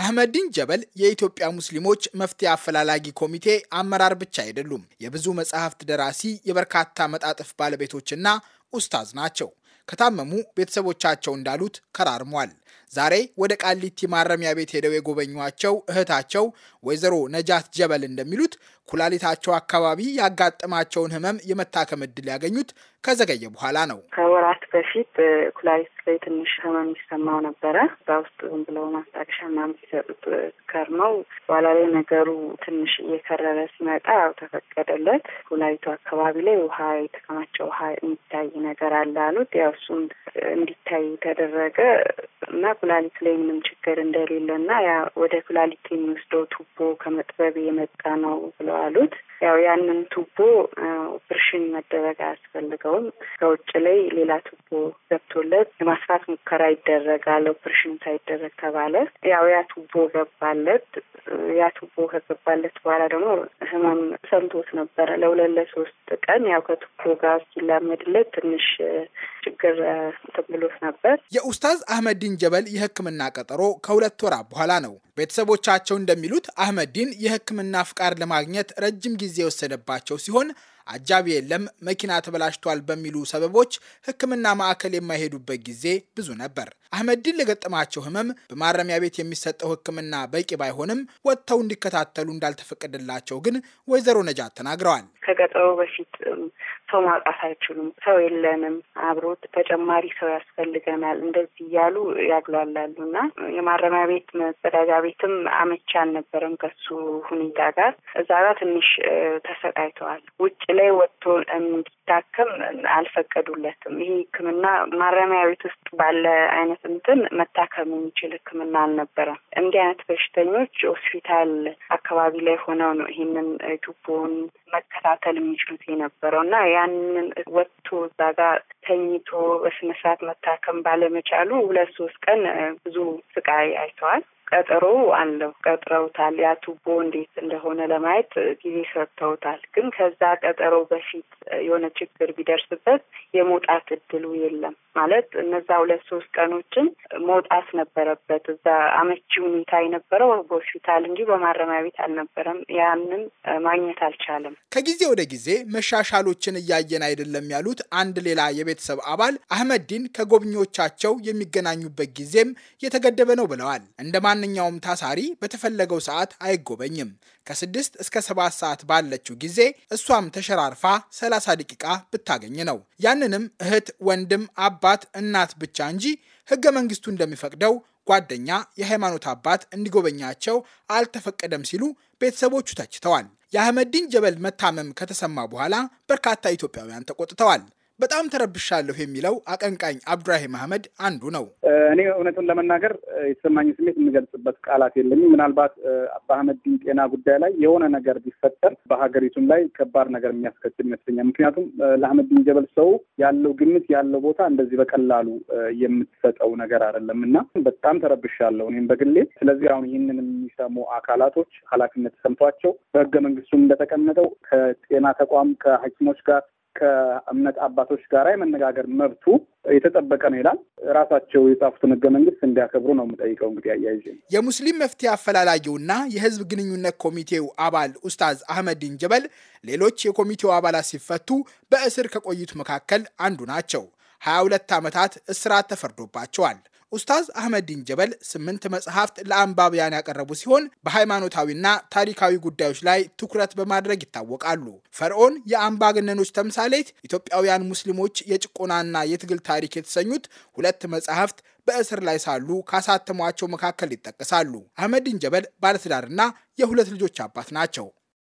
አህመዲን ጀበል የኢትዮጵያ ሙስሊሞች መፍትሄ አፈላላጊ ኮሚቴ አመራር ብቻ አይደሉም። የብዙ መጽሐፍት ደራሲ፣ የበርካታ መጣጥፍ ባለቤቶችና ኡስታዝ ናቸው። ከታመሙ ቤተሰቦቻቸው እንዳሉት ከራርሟል። ዛሬ ወደ ቃሊቲ ማረሚያ ቤት ሄደው የጎበኟቸው እህታቸው ወይዘሮ ነጃት ጀበል እንደሚሉት ኩላሊታቸው አካባቢ ያጋጠማቸውን ህመም የመታከም እድል ያገኙት ከዘገየ በኋላ ነው። ከወራት በፊት ኩላሊት ላይ ትንሽ ህመም ይሰማው ነበረ። በውስጥ ውስጥ ዝም ብለው ማስታገሻ ምናምን ሲሰጡት ከርመው በኋላ ላይ ነገሩ ትንሽ እየከረረ ሲመጣ ያው ተፈቀደለት። ኩላሊቱ አካባቢ ላይ ውሃ የተከማቸው ውሃ የሚታይ ነገር አለ አሉት። ያው እሱን እንዲታይ ተደረገ። እና ኩላሊት ላይ ምንም ችግር እንደሌለ እና ያ ወደ ኩላሊት የሚወስደው ቱቦ ከመጥበብ የመጣ ነው ብለው አሉት። ያው ያንን ቱቦ ኦፕሬሽን መደረግ አያስፈልገውም። ከውጭ ላይ ሌላ ቱቦ ገብቶለት የማስፋት ሙከራ ይደረጋል። ኦፕሬሽን ሳይደረግ ተባለ። ያው ያ ቱቦ ገባለት። ያ ቱቦ ከገባለት በኋላ ደግሞ ህመም ተሰምቶት ነበረ ለሁለት ለሶስት ቀን ያው ከቱኮ ጋር ሲላመድለት ትንሽ ችግር ተብሎት ነበር። የኡስታዝ አህመዲን ጀበል የህክምና ቀጠሮ ከሁለት ወራት በኋላ ነው። ቤተሰቦቻቸው እንደሚሉት አህመዲን የህክምና ፍቃድ ለማግኘት ረጅም ጊዜ የወሰደባቸው ሲሆን አጃቢ የለም፣ መኪና ተበላሽቷል በሚሉ ሰበቦች ሕክምና ማዕከል የማይሄዱበት ጊዜ ብዙ ነበር። አህመዲን ለገጠማቸው ህመም በማረሚያ ቤት የሚሰጠው ሕክምና በቂ ባይሆንም ወጥተው እንዲከታተሉ እንዳልተፈቀደላቸው ግን ወይዘሮ ነጃት ተናግረዋል። ከገጠሩ በፊት ሰው ማውጣት አይችሉም። ሰው የለንም፣ አብሮት ተጨማሪ ሰው ያስፈልገናል፣ እንደዚህ እያሉ ያግሏላሉ እና የማረሚያ ቤት መጸዳጃ ቤትም አመቺ አልነበረም ከሱ ሁኔታ ጋር። እዛ ጋር ትንሽ ተሰቃይተዋል። ውጭ ላይ ወጥቶ እንዲታከም አልፈቀዱለትም። ይህ ሕክምና ማረሚያ ቤት ውስጥ ባለ አይነት እንትን መታከም የሚችል ሕክምና አልነበረም። እንዲህ አይነት በሽተኞች ሆስፒታል አካባቢ ላይ ሆነው ነው ይህንን ቱቦን መከታተል የሚችሉት የነበረው እና ያ ያንን ወጥቶ እዛ ጋር ተኝቶ በስነ ስርዓት መታከም ባለመቻሉ ሁለት ሶስት ቀን ብዙ ስቃይ አይተዋል። ቀጠሮ አለው። ቀጥረውታል። ያ ቱቦ እንዴት እንደሆነ ለማየት ጊዜ ሰጥተውታል። ግን ከዛ ቀጠሮ በፊት የሆነ ችግር ቢደርስበት የመውጣት እድሉ የለም ማለት እነዛ ሁለት ሶስት ቀኖችን መውጣት ነበረበት። እዛ አመቺ ሁኔታ የነበረው በሆስፒታል እንጂ በማረሚያ ቤት አልነበረም። ያንን ማግኘት አልቻለም። ከጊዜ ወደ ጊዜ መሻሻሎችን እያየን አይደለም ያሉት አንድ ሌላ የቤተሰብ አባል አህመድዲን ከጎብኚዎቻቸው የሚገናኙበት ጊዜም የተገደበ ነው ብለዋል። እንደማን ማንኛውም ታሳሪ በተፈለገው ሰዓት አይጎበኝም። ከስድስት እስከ ሰባት ሰዓት ባለችው ጊዜ እሷም ተሸራርፋ 30 ደቂቃ ብታገኝ ነው። ያንንም እህት፣ ወንድም፣ አባት፣ እናት ብቻ እንጂ ህገ መንግስቱ እንደሚፈቅደው ጓደኛ፣ የሃይማኖት አባት እንዲጎበኛቸው አልተፈቀደም ሲሉ ቤተሰቦቹ ተችተዋል። የአህመዲን ጀበል መታመም ከተሰማ በኋላ በርካታ ኢትዮጵያውያን ተቆጥተዋል። በጣም ተረብሻለሁ የሚለው አቀንቃኝ አብዱራሂም አህመድ አንዱ ነው። እኔ እውነቱን ለመናገር የተሰማኝ ስሜት የምገልጽበት ቃላት የለኝም። ምናልባት ዲን ጤና ጉዳይ ላይ የሆነ ነገር ቢፈጠር በሀገሪቱም ላይ ከባድ ነገር የሚያስከትል ይመስለኛል። ምክንያቱም ለአህመዲን ጀበል ሰው ያለው ግምት ያለው ቦታ እንደዚህ በቀላሉ የምትሰጠው ነገር አይደለም እና በጣም ተረብሻለሁ እኔም በግሌ። ስለዚህ አሁን ይህንን የሚሰሙ አካላቶች ኃላፊነት ተሰምቷቸው በህገ መንግስቱም እንደተቀመጠው ከጤና ተቋም ከሐኪሞች ጋር ከእምነት አባቶች ጋር የመነጋገር መብቱ የተጠበቀ ነው ይላል። ራሳቸው የጻፉትን ህገ መንግስት እንዲያከብሩ ነው የምጠይቀው። እንግዲህ አያይዤ የሙስሊም መፍትሄ አፈላላጊው የህዝብ ግንኙነት ኮሚቴው አባል ኡስታዝ አህመዲን ጀበል ሌሎች የኮሚቴው አባላት ሲፈቱ በእስር ከቆዩት መካከል አንዱ ናቸው። 22 ዓመታት እስራት ተፈርዶባቸዋል። ኡስታዝ አህመዲን ጀበል ስምንት መጽሐፍት ለአንባብያን ያቀረቡ ሲሆን በሃይማኖታዊና ታሪካዊ ጉዳዮች ላይ ትኩረት በማድረግ ይታወቃሉ። ፈርዖን የአምባገነኖች ተምሳሌት፣ ኢትዮጵያውያን ሙስሊሞች የጭቆናና የትግል ታሪክ የተሰኙት ሁለት መጽሐፍት በእስር ላይ ሳሉ ካሳተሟቸው መካከል ይጠቀሳሉ። አህመዲን ጀበል ባለትዳርና የሁለት ልጆች አባት ናቸው።